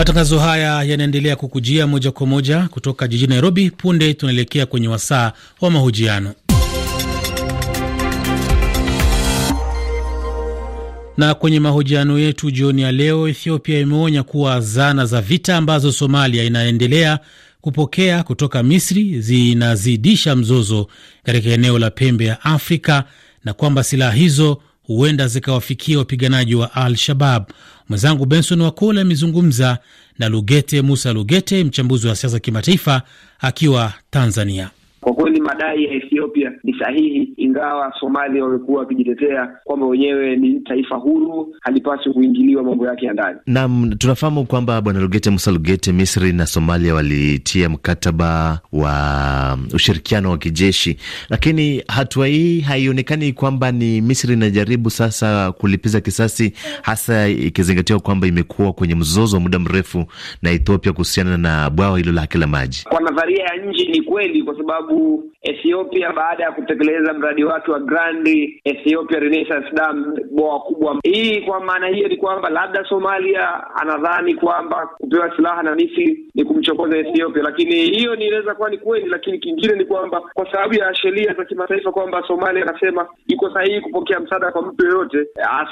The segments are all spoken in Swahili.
Matangazo haya yanaendelea kukujia moja kwa moja kutoka jijini Nairobi. Punde tunaelekea kwenye wasaa wa mahojiano. Na kwenye mahojiano yetu jioni ya leo, Ethiopia imeonya kuwa zana za vita ambazo Somalia inaendelea kupokea kutoka Misri zinazidisha mzozo katika eneo la pembe ya Afrika na kwamba silaha hizo huenda zikawafikia wapiganaji wa Al Shabab. Mwenzangu Benson Wakole amezungumza na Lugete Musa Lugete, mchambuzi wa siasa kimataifa akiwa Tanzania. Kwa kweli madai ya Ethiopia ni sahihi, ingawa Somalia wamekuwa wakijitetea kwamba wenyewe ni taifa huru, halipaswi kuingiliwa mambo yake ya ndani. Naam, tunafahamu kwamba Bwana Lugete Musa Lugete, Misri na Somalia walitia mkataba wa ushirikiano wa kijeshi, lakini hatua hii haionekani kwamba ni Misri inajaribu sasa kulipiza kisasi, hasa ikizingatiwa kwamba imekuwa kwenye mzozo wa muda mrefu na Ethiopia kuhusiana na bwawa hilo lake la maji. Kwa nadharia ya nje ni kweli, kwa sababu sababu Ethiopia baada ya kutekeleza mradi wake wa Grandi Ethiopia Renaissance Dam, bwawa kubwa hii, kwa maana hiyo ni kwamba labda Somalia anadhani kwamba kupewa silaha na Misri ni kumchokoza Ethiopia, lakini hiyo inaweza kuwa ni kweli, lakini kingine ni kwamba kwa sababu ya sheria za kimataifa kwamba Somalia anasema iko sahihi kupokea msaada kwa mtu yoyote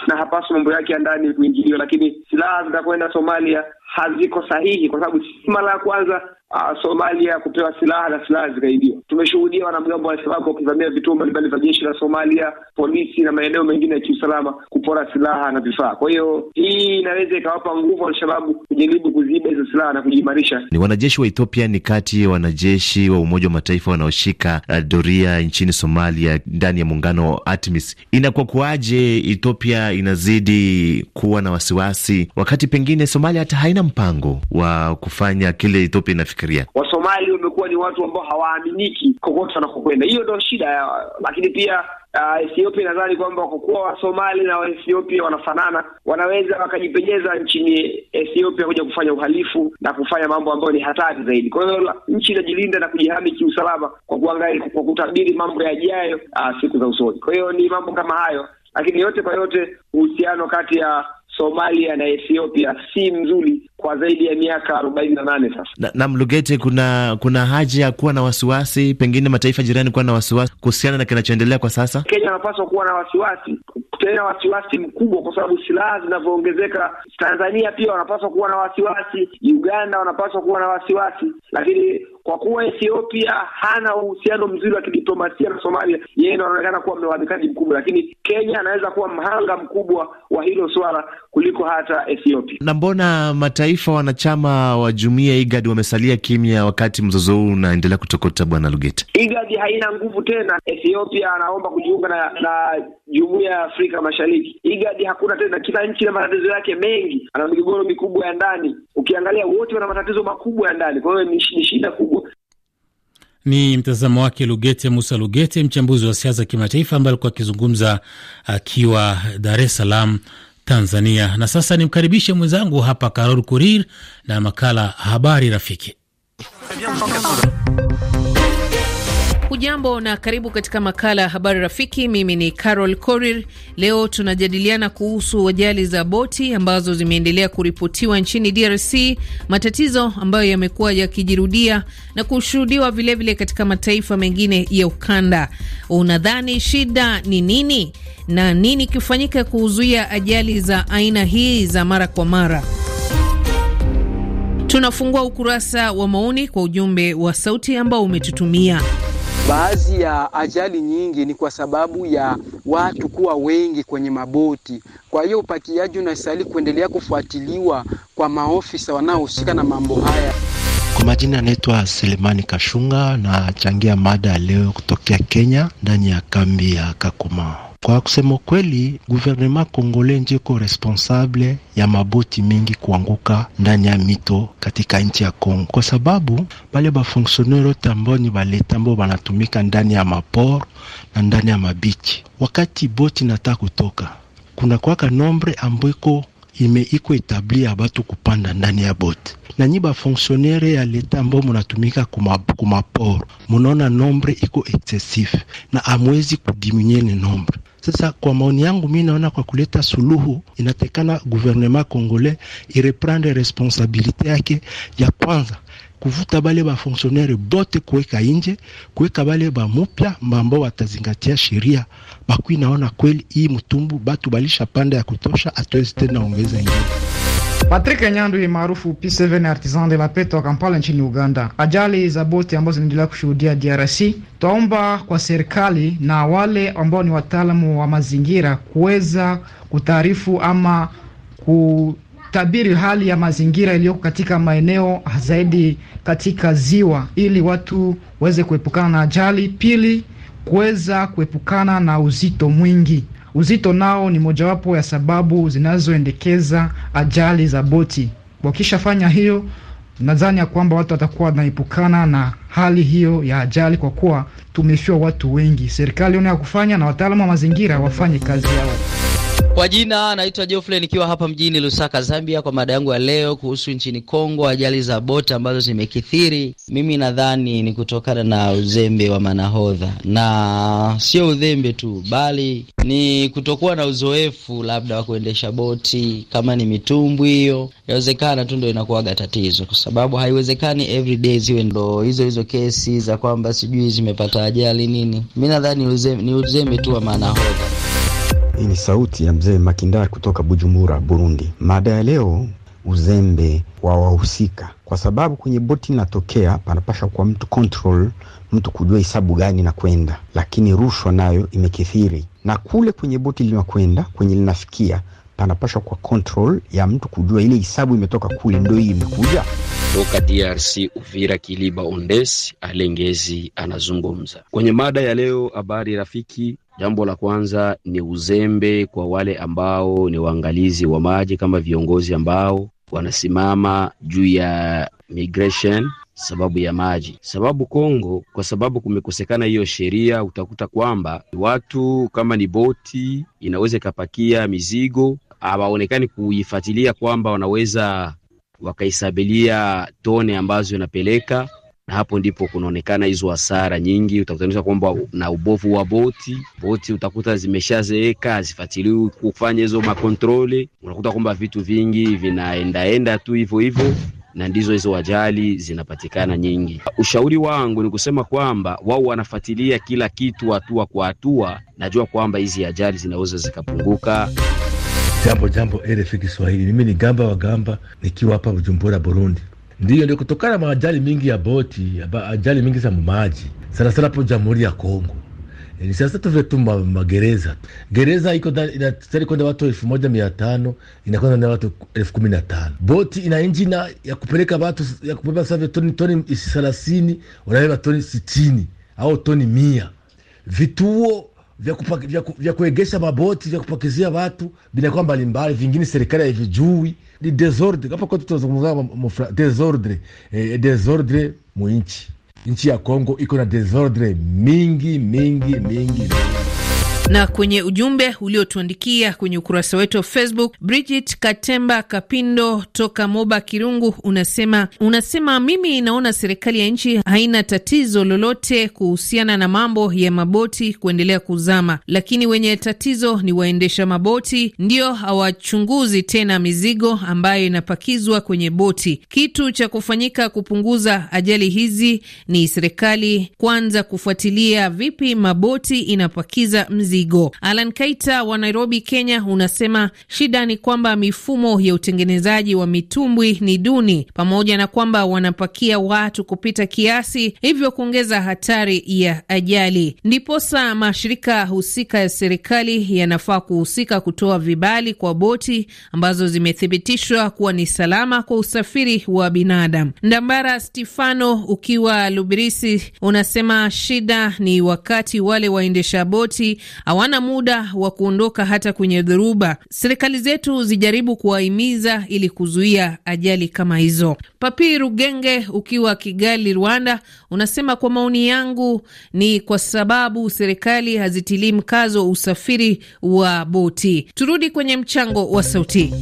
na hapaswi mambo yake ya ndani kuingiliwa, lakini silaha zitakwenda Somalia haziko sahihi, kwa sababu si mara ya kwanza uh, Somalia kupewa silaha na silaha zikaibiwa. Tumeshuhudia wanamgambo wa al wakivamia vituo mbalimbali vya jeshi la Somalia, polisi na maeneo mengine ya kiusalama kupora silaha na vifaa. Kwa hiyo hii inaweza ikawapa nguvu al kujaribu kuziba hizo silaha na kujiimarisha. Ni wanajeshi wa Ethiopia ni kati ya wanajeshi wa Umoja wa Mataifa wanaoshika uh, doria nchini Somalia ndani ya muungano wa ATMIS. Inakuwa kuaje Ethiopia inazidi kuwa na wasiwasi wakati pengine Somalia hata haina mpango wa kufanya kile Ethiopia inafikia wanafikiria. Wasomali wamekuwa ni watu ambao hawaaminiki kokote wanakokwenda, hiyo ndo shida ya, lakini pia Uh, Ethiopia nadhani kwamba kwa kuwa Wasomali na Waethiopia wanafanana, wanaweza wakajipenyeza nchini Ethiopia kuja kufanya uhalifu na kufanya mambo ambayo ni hatari zaidi. Kwa hiyo nchi inajilinda na kujihami kiusalama kwa kuangalia, kwa kutabiri mambo yajayo, uh, siku za usoni. Kwa hiyo ni mambo kama hayo, lakini yote kwa yote uhusiano kati ya Somalia na Ethiopia si mzuri kwa zaidi ya miaka arobaini na nane sasa. Na, na Mlugete, kuna kuna haja ya kuwa na wasiwasi, pengine mataifa jirani kuwa na wasiwasi kuhusiana na kinachoendelea kwa sasa. Kenya anapaswa kuwa na wasiwasi tena wasiwasi mkubwa, kwa sababu silaha zinavyoongezeka. Tanzania pia wanapaswa kuwa na wasiwasi, Uganda wanapaswa kuwa na wasiwasi, lakini kwa kuwa Ethiopia hana uhusiano mzuri wa kidiplomasia na Somalia, yeye ndo anaonekana kuwa mlalamikaji mkubwa, lakini Kenya anaweza kuwa mhanga mkubwa wa hilo swala kuliko hata Ethiopia. Na mbona mataifa wanachama wa jumuiya IGAD wamesalia kimya wakati mzozo huu unaendelea kutokota, Bwana Lugeti? IGAD haina nguvu tena. Ethiopia anaomba kujiunga na, na jumuiya ya Afrika Mashariki. IGAD hakuna tena, kila nchi na matatizo yake mengi, ana migogoro mikubwa ya ndani. Ukiangalia wote wana matatizo makubwa ya ndani, kwa hiyo ni shida kubwa. Ni mtazamo wake Lugete Musa Lugete, mchambuzi wa siasa kimataifa, ambaye alikuwa akizungumza akiwa Dar es Salaam, Tanzania. Na sasa nimkaribishe mwenzangu hapa Karol Kurir na makala Habari Rafiki. Hujambo na karibu katika makala ya habari rafiki. Mimi ni Carol Korir. Leo tunajadiliana kuhusu ajali za boti ambazo zimeendelea kuripotiwa nchini DRC, matatizo ambayo yamekuwa yakijirudia na kushuhudiwa vilevile katika mataifa mengine ya ukanda. Unadhani shida ni nini na nini kifanyika kuzuia ajali za aina hii za mara kwa mara? Tunafungua ukurasa wa maoni kwa ujumbe wa sauti ambao umetutumia Baadhi ya ajali nyingi ni kwa sababu ya watu kuwa wengi kwenye maboti. Kwa hiyo upakiaji unastahili kuendelea kufuatiliwa kwa maofisa wanaohusika na mambo haya. Kwa majina anaitwa Selemani Kashunga na changia mada ya leo kutokea Kenya ndani ya kambi ya Kakuma. Kwa kusema kweli, guvernema Kongole njiko responsable ya maboti mingi kuanguka ndani ya mito katika nchi ya Kongo, kwa sababu bale bafonksioneri wote ambao ni baleta ambao banatumika ndani ya mapor na ndani ya mabichi, wakati boti nataka kutoka, kuna kwaka nombre ime imeiko etabli ya batu kupanda ndani ya boti na nyi bafonksionere ya leta ambao munatumika kumaporo, munaona nombre iko excessif na amwezi kudiminye ni nombre sasa kwa maoni yangu, mi naona kwa kuleta suluhu inatekana guvernema congolais ireprendre responsabilite yake ya kwanza kuvuta bale ba fonctionnaire bote kuweka inje, kuweka bale ba mupya ambao watazingatia sheria. Bakwi naona kweli hii mtumbu batu balisha panda ya kutosha, atoezi tena ongeza ingine. Patrick Nyandu maarufu P7 artisan de la paix toka Kampala nchini Uganda. Ajali za boti ambazo zinaendelea kushuhudia DRC, twaomba kwa serikali na wale ambao ni wataalamu wa mazingira kuweza kutaarifu ama kutabiri hali ya mazingira iliyoko katika maeneo zaidi katika ziwa, ili watu waweze kuepukana na ajali. Pili, kuweza kuepukana na uzito mwingi Uzito nao ni mojawapo ya sababu zinazoendekeza ajali za boti. Wakishafanya hiyo, nadhani ya kwamba watu watakuwa wanaepukana na hali hiyo ya ajali, kwa kuwa tumefiwa watu wengi. Serikali una ya kufanya na wataalamu wa mazingira wafanye kazi yao. Kwa jina naitwa Geoffrey nikiwa hapa mjini Lusaka, Zambia, kwa mada yangu ya leo kuhusu nchini Kongo, ajali za boti ambazo zimekithiri. Mimi nadhani ni kutokana na uzembe wa manahodha, na sio uzembe tu, bali ni kutokuwa na uzoefu labda wa kuendesha boti. Kama ni mitumbwi hiyo, inawezekana tu ndo inakuwaga tatizo, kwa sababu haiwezekani everyday ziwe ndo hizo hizo kesi za kwamba sijui zimepata ajali nini. Mi nadhani ni uzembe tu wa manahodha. Hii ni sauti ya mzee makindar kutoka Bujumbura, Burundi. Mada ya leo uzembe wa wahusika, kwa sababu kwenye boti inatokea panapasha kwa mtu control, mtu kujua hesabu gani na kwenda, lakini rushwa nayo imekithiri, na kule kwenye boti linakwenda kwenye linafikia panapasha kwa control ya mtu kujua ile hisabu imetoka kule, ndio hii imekuja toka DRC Uvira. Kiliba Ondesi Alengezi anazungumza kwenye mada ya leo. Habari rafiki, Jambo la kwanza ni uzembe kwa wale ambao ni waangalizi wa maji kama viongozi ambao wanasimama juu ya migration sababu ya maji, sababu Kongo, kwa sababu kumekosekana hiyo sheria, utakuta kwamba watu kama ni boti inaweza ikapakia mizigo, hawaonekani kuifuatilia kwamba wanaweza wakaisabilia tone ambazo inapeleka na hapo ndipo kunaonekana hizo hasara nyingi. Utakutanisha kwamba na ubovu wa boti boti, utakuta zimeshazeeka hazifuatiliwi kufanya hizo makontrole, unakuta kwamba vitu vingi vinaendaenda tu hivyo hivyo na ndizo hizo ajali zinapatikana nyingi. Ushauri wangu ni kusema kwamba wao wanafuatilia kila kitu hatua kwa hatua, najua kwamba hizi ajali zinaweza zikapunguka. Jambo jambo, RFI Kiswahili, mimi ni Gamba wa Gamba nikiwa hapa Bujumbura, Burundi. Ndiyo, ndio kutokana na ajali mingi ya boti, ajali mingi za maji, sana sana po Jamhuri ya Kongo. E, sasa tuve tu magereza tu, gereza iko inatari kwenda watu elfu moja mia tano inakwenda na watu elfu kumi na tano Boti ina injina ya kupeleka watu ya kupeleka sasa toni toni thelathini wanabeba toni sitini au toni mia Vituo vya, vya, vya kuegesha maboti vya kupakizia watu vinakuwa mbalimbali, vingine serikali haivijui. Ni desordre hapa kwetu tunazungumza desordre, eh, desordre mu nchi nchi ya Kongo iko na desordre mingi mingi mingi, mingi. Na kwenye ujumbe uliotuandikia kwenye ukurasa wetu wa Facebook, Bridget Katemba Kapindo toka Moba Kirungu unasema unasema, mimi naona serikali ya nchi haina tatizo lolote kuhusiana na mambo ya maboti kuendelea kuzama, lakini wenye tatizo ni waendesha maboti, ndio hawachunguzi tena mizigo ambayo inapakizwa kwenye boti. Kitu cha kufanyika kupunguza ajali hizi ni serikali kwanza kufuatilia vipi maboti inapakiza mzigo mizigo. Alan Kaita wa Nairobi, Kenya, unasema shida ni kwamba mifumo ya utengenezaji wa mitumbwi ni duni, pamoja na kwamba wanapakia watu kupita kiasi, hivyo kuongeza hatari ya ajali. Ndiposa mashirika husika ya serikali yanafaa kuhusika kutoa vibali kwa boti ambazo zimethibitishwa kuwa ni salama kwa usafiri wa binadamu. Ndambara Stefano ukiwa Lubirisi unasema shida ni wakati wale waendesha boti hawana muda wa kuondoka hata kwenye dhoruba. Serikali zetu zijaribu kuwahimiza ili kuzuia ajali kama hizo. Papi Rugenge ukiwa Kigali, Rwanda, unasema kwa maoni yangu ni kwa sababu serikali hazitilii mkazo usafiri wa boti. Turudi kwenye mchango wa sauti.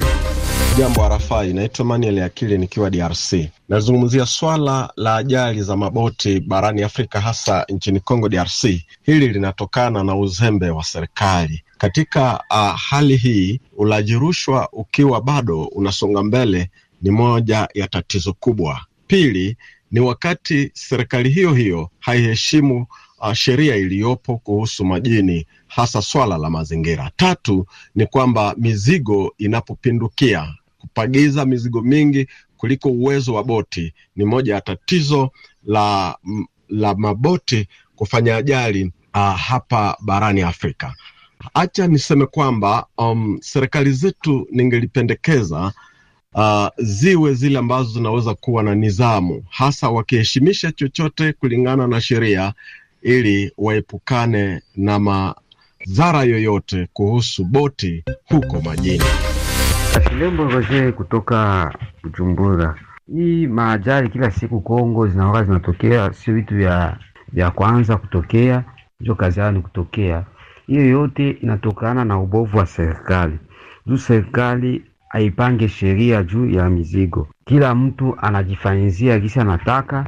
Jambo arafai, naitwa Manuel Akili nikiwa DRC. Nazungumzia swala la ajali za maboti barani Afrika, hasa nchini Congo DRC. Hili linatokana na uzembe wa serikali katika uh, hali hii. Ulaji rushwa ukiwa bado unasonga mbele ni moja ya tatizo kubwa. Pili ni wakati serikali hiyo hiyo haiheshimu uh, sheria iliyopo kuhusu majini hasa swala la mazingira. Tatu ni kwamba mizigo inapopindukia kupagiza mizigo mingi kuliko uwezo wa boti. Ni moja ya tatizo la, la maboti kufanya ajali uh, hapa barani Afrika. Acha niseme kwamba um, serikali zetu ningelipendekeza uh, ziwe zile ambazo zinaweza kuwa na nidhamu, hasa wakiheshimisha chochote kulingana na sheria, ili waepukane na madhara yoyote kuhusu boti huko majini. Kilembo Roger kutoka Bujumbura. Hii maajali kila siku Kongo zinaoka zinatokea, sio vitu vya vya kwanza kutokea, hizo kazi yao ni kutokea. Hiyo yote inatokana na ubovu wa serikali, juu serikali haipange sheria juu ya mizigo. Kila mtu anajifanyizia gisi anataka,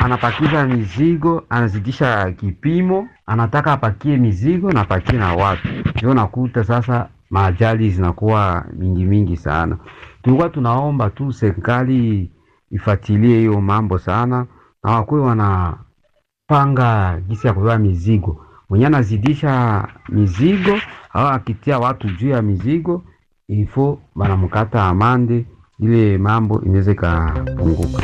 anapakiza mizigo, anazidisha kipimo, anataka apakie mizigo na apakie na watu, ndio nakuta sasa maajali zinakuwa mingi mingi sana. Tulikuwa tunaomba tu serikali ifatilie hiyo mambo sana, na wakuwe wanapanga jinsi ya kubeba mizigo. Mwenye anazidisha mizigo au akitia watu juu ya mizigo ifo banamkata amande, ile mambo inaweza ikapunguka.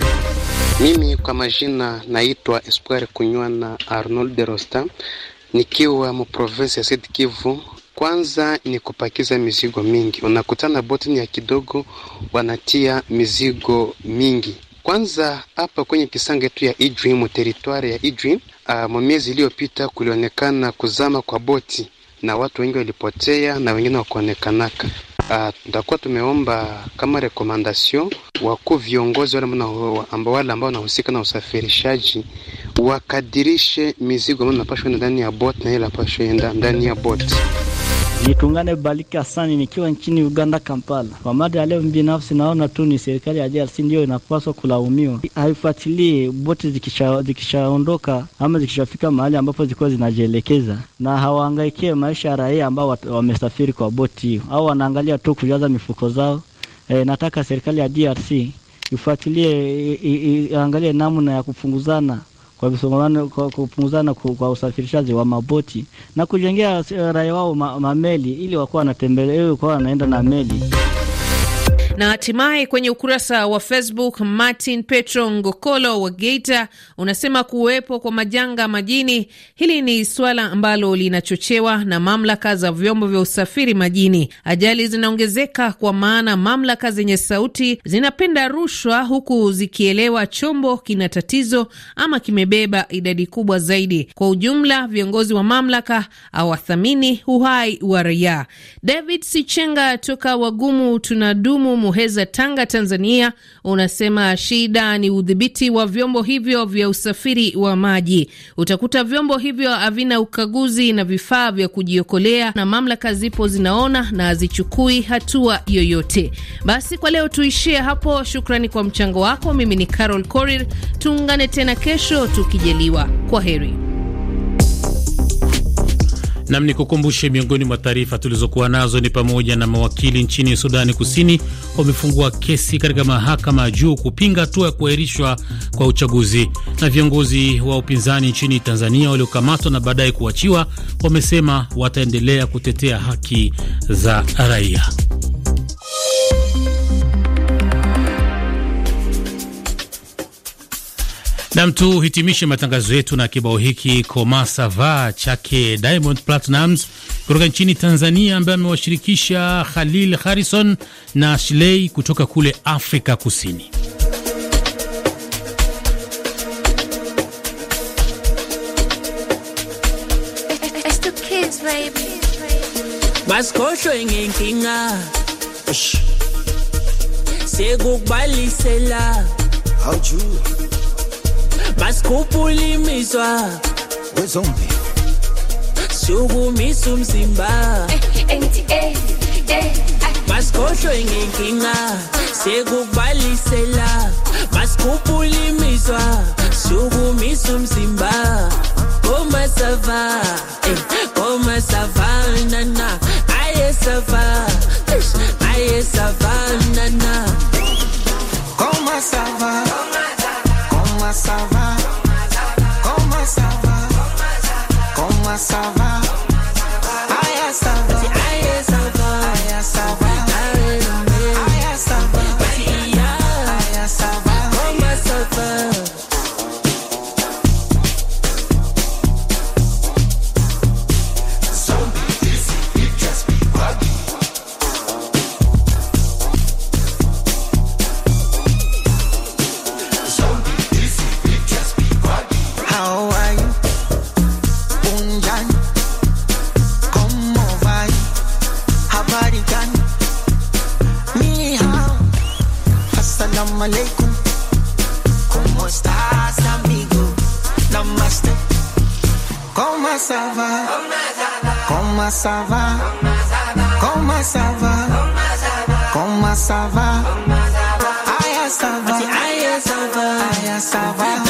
Mimi kwa majina naitwa Espoir Kunywana Arnold de Rosta, nikiwa mu province ya Sud Kivu kwanza ni kupakiza mizigo mingi, unakutana boti ya kidogo, wanatia mizigo mingi. Kwanza hapa kwenye kisanga yetu ya Idrim, teritwari ya Idrim, ah, mwezi iliyopita kulionekana kuzama kwa boti na watu wengi walipotea na wengine wakuonekanaka. Ah, tutakuwa tumeomba kama rekomandasyon wakuu viongozi wale ambao wale ambao wanahusika na usafirishaji wakadirishe mizigo ambayo inapashwa enda ndani ya bot na ile inapashwa enda ndani ya boti. Nitungane Baliki Hasani nikiwa nchini Uganda, Kampala. Kwa mada ya leo, binafsi naona tu ni serikali ya DRC ndiyo inapaswa kulaumiwa, haifuatilii boti zikishaondoka zikisha ama zikishafika mahali ambapo zilikuwa zinajielekeza, na hawaangaikie maisha ya raia ambao wamesafiri kwa boti hiyo, au wanaangalia tu kujaza mifuko zao. E, nataka serikali ya DRC ifuatilie, iangalie namna ya kupunguzana kwa visongamano, kwa kupunguzana kwa usafirishaji wa maboti na kujengea eh, raia wao mameli ili wakuwa wanatembelea, wanaenda na meli. Na hatimaye kwenye ukurasa wa Facebook, Martin Petro Ngokolo wa Geita unasema kuwepo kwa majanga majini, hili ni swala ambalo linachochewa na mamlaka za vyombo vya usafiri majini. Ajali zinaongezeka kwa maana mamlaka zenye sauti zinapenda rushwa, huku zikielewa chombo kina tatizo ama kimebeba idadi kubwa zaidi. Kwa ujumla, viongozi wa mamlaka hawathamini uhai wa raia. David Sichenga toka Wagumu tunadumu Muheza, Tanga, Tanzania, unasema shida ni udhibiti wa vyombo hivyo vya usafiri wa maji. Utakuta vyombo hivyo havina ukaguzi na vifaa vya kujiokolea, na mamlaka zipo zinaona na hazichukui hatua yoyote. Basi kwa leo tuishie hapo. Shukrani kwa mchango wako. Mimi ni Carol Korir, tuungane tena kesho tukijaliwa. Kwa heri. Nam ni kukumbushe, miongoni mwa taarifa tulizokuwa nazo ni pamoja na mawakili nchini Sudani Kusini wamefungua kesi katika mahakama ya juu kupinga hatua ya kuahirishwa kwa uchaguzi, na viongozi wa upinzani nchini Tanzania waliokamatwa na baadaye kuachiwa wamesema wataendelea kutetea haki za raia. Nam, tuhitimishe matangazo yetu na kibao hiki komasa sava chake Diamond Platnumz kutoka nchini Tanzania, ambaye amewashirikisha Khalil Harrison na Shlei kutoka kule Afrika Kusini. sekukubalisela miswa, asikupulimizwa wezombi sukumisa umzimba eh, masikhohlwe ngenkinga sekukubalisela masikhupulimizwa sukumisa Koma sava, eh, ma ça va. ça va. ça va. ça va. ça va.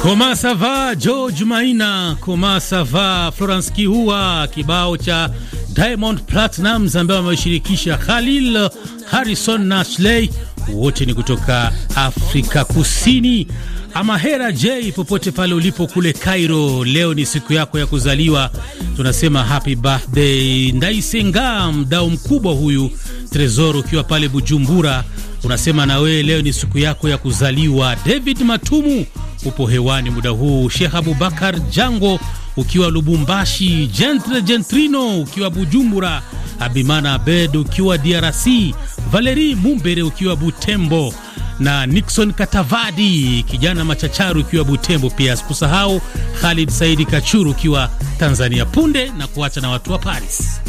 Koma sava George Maina, Koma sava Florence Kihua, kibao cha Diamond Platnumz ambaye wameshirikisha Khalil Harrison na Ashley, wote ni kutoka Afrika Kusini. Amahera J, popote pale ulipo kule Cairo, leo ni siku yako ya kuzaliwa, tunasema happy birthday. Ndaisenga, mdao mkubwa huyu Tresor, ukiwa pale Bujumbura, unasema na wewe leo ni siku yako ya kuzaliwa. David Matumu, upo hewani muda huu. Sheikh Abubakar Jango, ukiwa Lubumbashi. Jentre Jentrino, ukiwa Bujumbura. Abimana Abed, ukiwa DRC. Valeri Mumbere, ukiwa Butembo na Nixon Katavadi, kijana machacharu ukiwa Butembo, pia sikusahau Khalid Saidi Kachuru ukiwa Tanzania. Punde na kuacha na watu wa Paris.